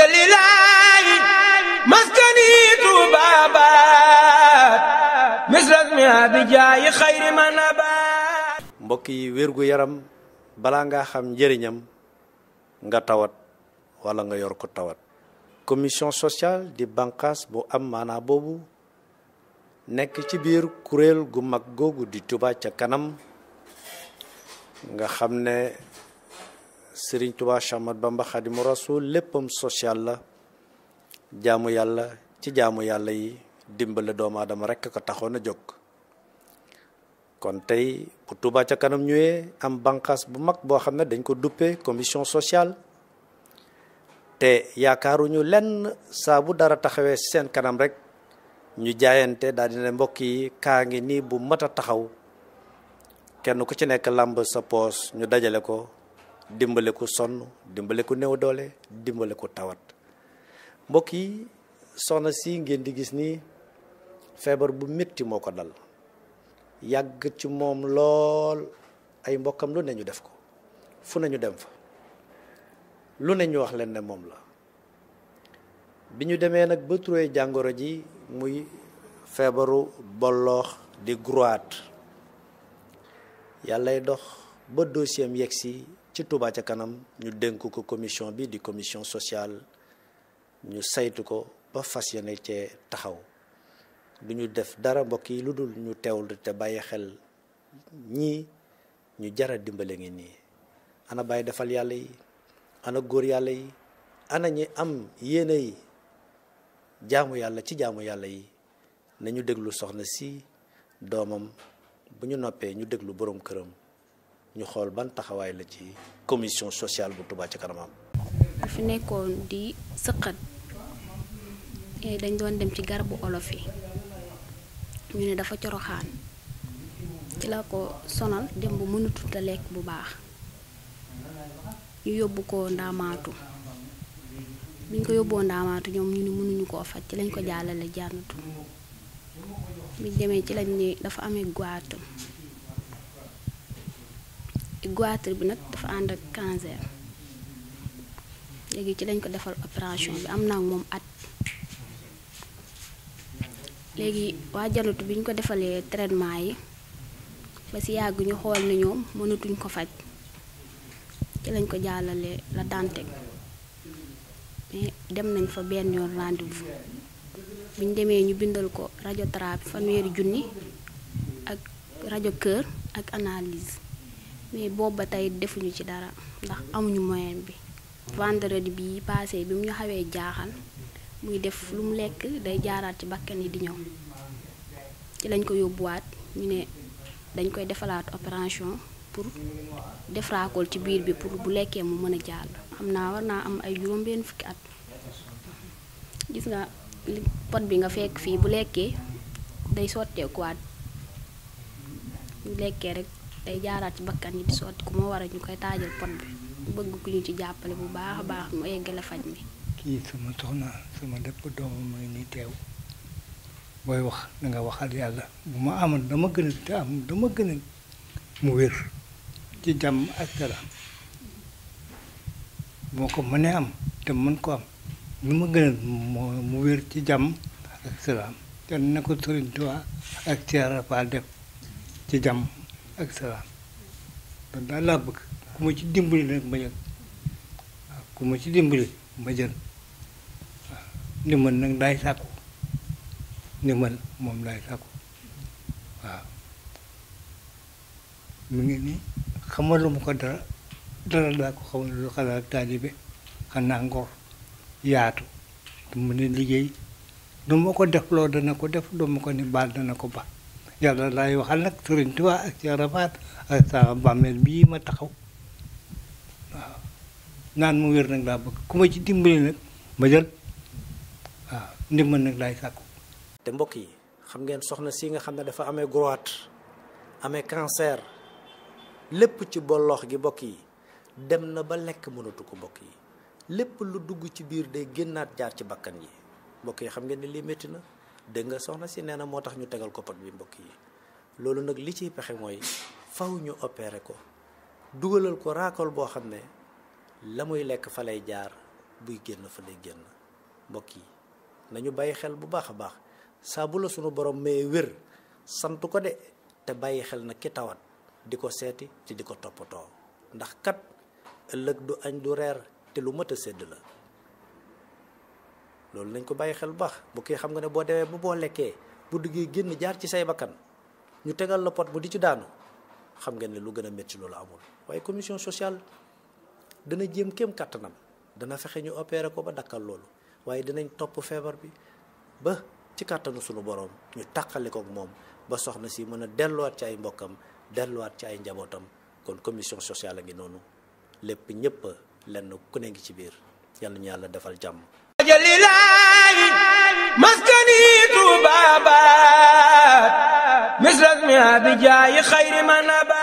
جليلاي مسكني توبابات misrasmi abijaay xayri man abaat mbokk yi wérgu yaram balaa ngaa xam njëriñam nga tawat wala nga yor ko tawat commission sociale di bànqaas bu am maanaa boobu nekk ci biir kuréel gu mag googu di Touba ca kanam nga xam ne Serigne Touba Cheikh Ahmadou Bamba Khadimu Rasul léppam social la jaamu yàlla ci jaamu yàlla yi dimbale doomu aadama rekk ko taxoon a jóg kon tey bu Touba ca kanam ñëwee am bànqaas bu mag boo xam ne dañ ko duppee commission sociale te yaakaaruñu lenn saabu dara taxawee seen kanam rek ñu jaayante daal dina mbokk yi kaa ngi nii bu mat a taxaw kenn ku ci nekk làmb sa poos ñu dajale ko dimbale ko sonn dimbale ko néew doole dimbale ko tawat mbokk yi soxna si ngeen di gis nii feebar bu metti moo ko dal yàgg ci moom lool ay mbokkam lu ne ñu def ko fu nañu dem fa lu ne ñu wax leen ne moom la bi ñu demee nag ba trouvé jàngoro ji muy feebaru bolloox di groite yàllay dox ba dossier am si ci Touba ca kanam ñu dénk ko commission bi di commission sociale ñu saytu ko ba fas yéene cee taxaw du ñu def dara mbokk yi lu dul ñu teewul te bàyyi xel ñii ñu jara dimbale ngi nii ana bàyyi defal yàlla yi ana góor yàlla yi ana ñi am yéene yi jaamu yàlla ci jaamu yàlla yi nañu déglu soxna si doomam bu ñu noppee ñu déglu boroom këram ñu xool ban taxawaay la ci commission sociale bu Touba ca kanamam. fi nekkoon di sëqat eh, dañ doon dem ci garabu olof yi ñu ne dafa coroxaan ci la ko sonal dem bu mënatut a lekk bu baax ñu yóbbu ko ndaamaatu buñ ko yóbboo ndaamaatu ñoom ñu ne mënuñu koo faj ci lañ ko jàllale jànnatu bi demee ci lañ ne dafa amee guwaatam goitre bi nag dafa ànd ak cancer léegi ci lañ ko defal opération bi am naa moom at léegi waa janutu bi ñu ko defalee traitement yi ba si yàgg ñu xool ne ñoom mënatuñ ko faj ci lañ ko jàllale la Dantec mais dem nañ fa benn yoon rendez-vous bi ñu demee ñu bindal ko rajo radiothérapie fanweeri junni ak rajo kër ak analyse mais boobu ba tey defuñu ci dara ndax amuñu moyen bi vendredi bi passé bi mu ñu xawee jaaxal muy def lu mu lekk day jaaraat ci bakkan yi di ñëw ci lañ ko yóbbuwaat ñu ne dañ koy defalaat opération pour def raakool ci biir bi pour bu lekkee mu mën a jàll xam naa war naa am ay juróom-benn fukki at gis nga pot bi nga fekk fii bu lekkee day sotteekuwaat mu lekkee rekk tey jaaraat ci bakkan yi di sotti ku ma war a ñu koy taajal pot bi bëgg ku ñu ci jàppale bu baax a baax mu eggale faj mi. kii sama soxna sama dëpp doomu mooy ni teew booy wax danga nga waxal yàlla bu ma amoon dama gën te am dama gën a mu wér ci jàmm ak salaam ko mënee am te mën ko am lu ma gën a wér ci jàmm ak te na ko Sëriñ Tuubaa ak Cheikh Rafaal def ci jàmm ak salaam man laa bëgg ku ci dimbali rek ma jël waaw ku ci dimbali ma jël waaw ndimbal nag daay sàkku ndimbal moom daay sàkku waaw mu ngi nii xamaluma ko dara dara laa ko xamal lu xalaat taalibe xanaa ngor yaatu du mën a liggéey du ma ko def loo dana ko def du ma ko ne baal dana ko ba yàlla laay waxal nag Sëriñ Tuubaa ak Cheikh Rafaat ak sa bàmmeel bii ma taxaw waaw naan mu wér nag laa bëgg ku ma ci dimbali nag ma jël waaw ndimbal nag laay sàkku te mbokk yi xam ngeen soxna si nga xam ne dafa amee groite amee cancer lépp ci boloox gi mbokk yi dem na ba lekk mënatu ko mbokk yi lépp lu dugg ci biir day génnaat jaar ci bakkan yi mbokk yi xam ngeen ne lii métti na dégg nga soxna si nee na moo tax ñu tegal ko pot bi mbokk yi loolu nag li ciy pexe mooy faw ñu opéré ko dugalal ko raakol boo xam ne la muy lekk fa lay jaar buy génn fa lay génn mbokk yi nañu bàyyi xel bu baax a baax saa la sunu borom may wér sant ko de te bàyyi xel na ki tawat di ko seeti te di ko toppatoo ndax kat ëllëg du añ du reer te lu mat a sédd la loolu nañ ko bàyyi xel bu baax bu kii xam nga ne boo demee ba boo lekkee bu duggee génn jaar ci say bakkan ñu tegal la pot bu di ci daanu xam nga ne lu gën a métti loolu amul waaye commission sociale dana jéem kéem kàttanam dana fexe ñu opéré ko ba dakkal loolu waaye dinañ topp feebar bi ba ci kàttanu sunu borom ñu tàqali ko moom ba soxna si mën a delluwaat ci ay mbokkam delluwaat ci ay njabootam kon commission sociale a ngi noonu lépp ñëpp lenn ku ne ngi ci biir yal ñu yàlla defal jàmm. maskani tuuba baat misras mi abijaayi xayri man abaat